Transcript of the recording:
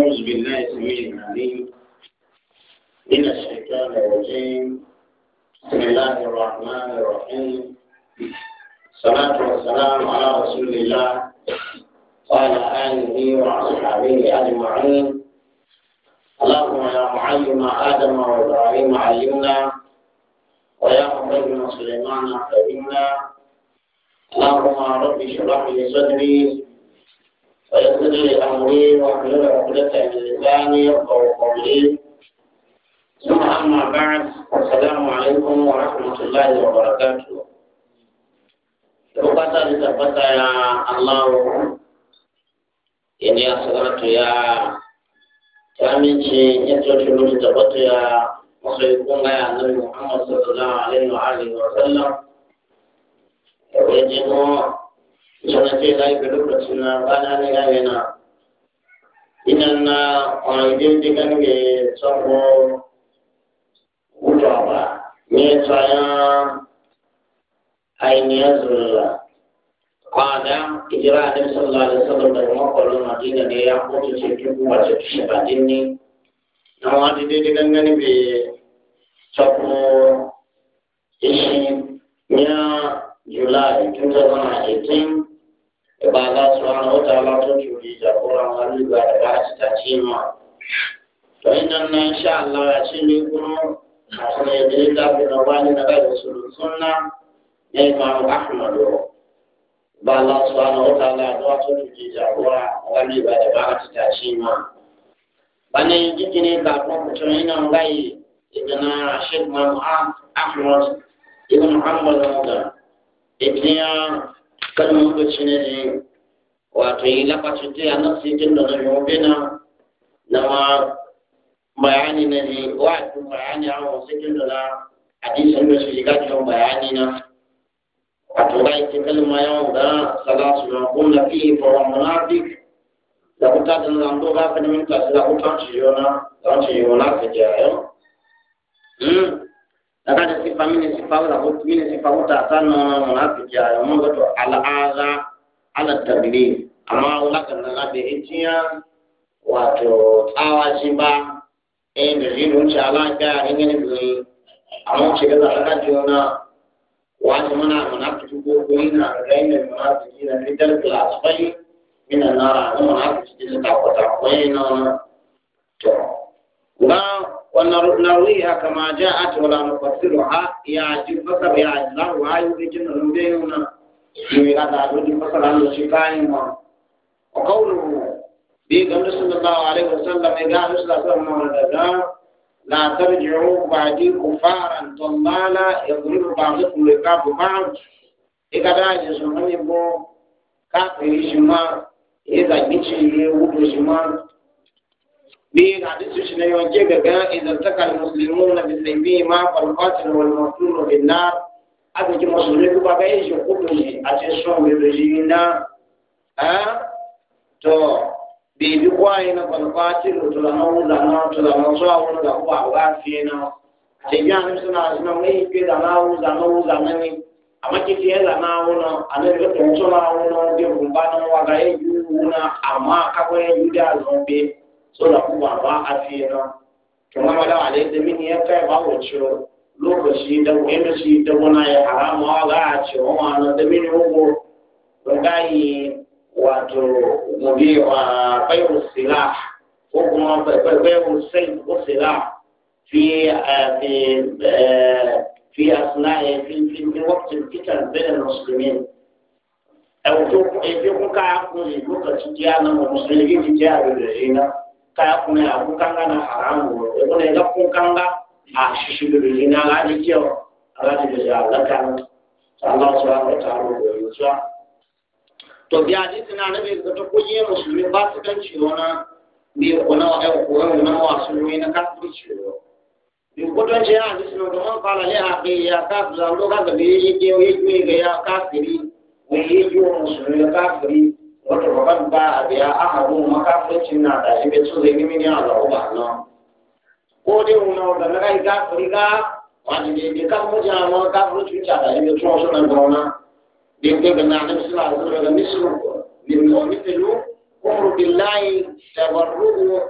أعوذ بالله السميع العليم من الشيطان الرجيم بسم الله الرحمن الرحيم الصلاة والسلام على رسول الله وعلى آله وأصحابه أجمعين اللهم يا معلم آدم وإبراهيم علمنا ويا مبين سليمان علمنا اللهم رب اشرح لي صدري ويسر لي أمري واحلل عقدة من لساني يفقهوا قولي ثم أما بعد السلام عليكم ورحمة الله وبركاته Tukata ditapata ya Allah Ini asalatu ya Taminci Nyetu tulu ditapata ya Makhlukunga ya Nabi Muhammad sallallahu alaihi wa alihi wa sallam شرطي لا يبلغ رسولنا وانا لا ينا إننا قائدين دكان كي صفو وطابا نيتايا أين يزول قال إجراء النبي صلى الله عليه وسلم بالمقر المدينة ليأخذ تشكيك وتشكيك ديني نوادي دي دكان كي صفو إشي 9 July 2018 ẹgbẹ́ ala àwọn ọ̀tá alátọ́jú ìjà fúnra wọn lórí àdàbà àti tàjí mọ́. lọ́yìn náà ní iṣẹ́ àlọ́ àti nígbọ́n àti ẹ̀dẹ́ dábìnrin ọba nínú ẹgbẹ́ ìṣòro súnná ní ala ahmed lọ. ẹgbẹ́ aláṣọ àwọn ọ̀tá alátọ́jú ìjà fúnra wọn lórí àdàbà àti tàjí mọ́. bani jikini ka ebe na ngai ibn kan mun ko cinene wato yi lafasu te anan sai jin da nan bina na ma bayani na ne wa tun bayani a wasu jin da na hadisin da shi ga jin bayani na wato ga ita kalma yawon da salatu na kun da fi fa munafik da kuta da nan do ba fa min ta da kuta shi yona da shi yona ka jayo akati sifa mini sifawuta mini sifawuta sanno munafija yo mongo to ala adha ala tabligh ama ulaka na be itiya wato tsawa shimba en eh, da jin wuce alaka in ne bi amma ce ga aka jona wani muna munafiki ko ko ina ga ina munafiki na middle class bai ina na munafiki da ta kwata ko to لا ونرويها كما جاءت ولا نفسرها يا جفسر يا الله وعيو جنة نبينا نويلا دعوة جفسر عن الشكاين وقوله بيقام صلى الله عليه وسلم قال صلى الله عليه وسلم لا ترجعوا بعدي كفارا ضلالا يضرب بعضكم رقاب بعض إكدا جسمني بو كافر شما إذا جيتش يوضو شما بالحديث الشنيع وجيكا إذا التقى المسلمون بسيفيهما فالقاتل والمقتول بالنار أبيك مسلمين بابا يجي قبلي أتشون بلجينا ها تو بيبي قوائنا فالقاتل تلانو لنا تلانو صاور لأبوا وافينا àtẹ̀jọ́ àwọn sọ́nà àṣìná wọ́n yìí pé lànà àwọn lànà àwọn lànà ni àmọ́ kìtì ẹ̀ lànà àwọn náà àná ìlú tó ń sọ́nà àwọn náà ọdẹ ògùnbá náà wà láyé yìí wù náà àmọ́ àkàkọ́ yẹn yìí dá lọ́ọ́ bẹ́ẹ̀ suna kuma ba a fira kuma mala alai da min ya kai ba wuce lokaci da wani shi da wani ya haramu ga a ce wani da min hugo don gayi wato mubi wa bayu sila ko kuma bayu sai ko sila fi fi fi asna'i fi fi waqtin fitan bain al-muslimin ẹwùjọ ẹjọ kún ká kún ìlú kan ti di àná mọ mùsùlùmí ti di rẹ yìí náà a kuna ya na ka kuna ya kukanga a shishibiri na alaji kiyo alaji da ya laka Allah subhanahu wa ta'ala ko yusa to bi hadisi na nabi ga to kunye musulmi ba su kan ciwo na bi ona wa ai ko wa sunni na bi ko no ya kafir Allah ga bi wata babban ba a biya aka gumu makafircin na da ibe su zai gimi ne a zaɓuɓa na ko dai wuna wanda na kai ka riga wani da ibe kan mutum a makafircin ta da ibe tun wasu nan gauna da ibe ga na nan suna zuwa daga misru min wa mithlu kufru billahi tabarruhu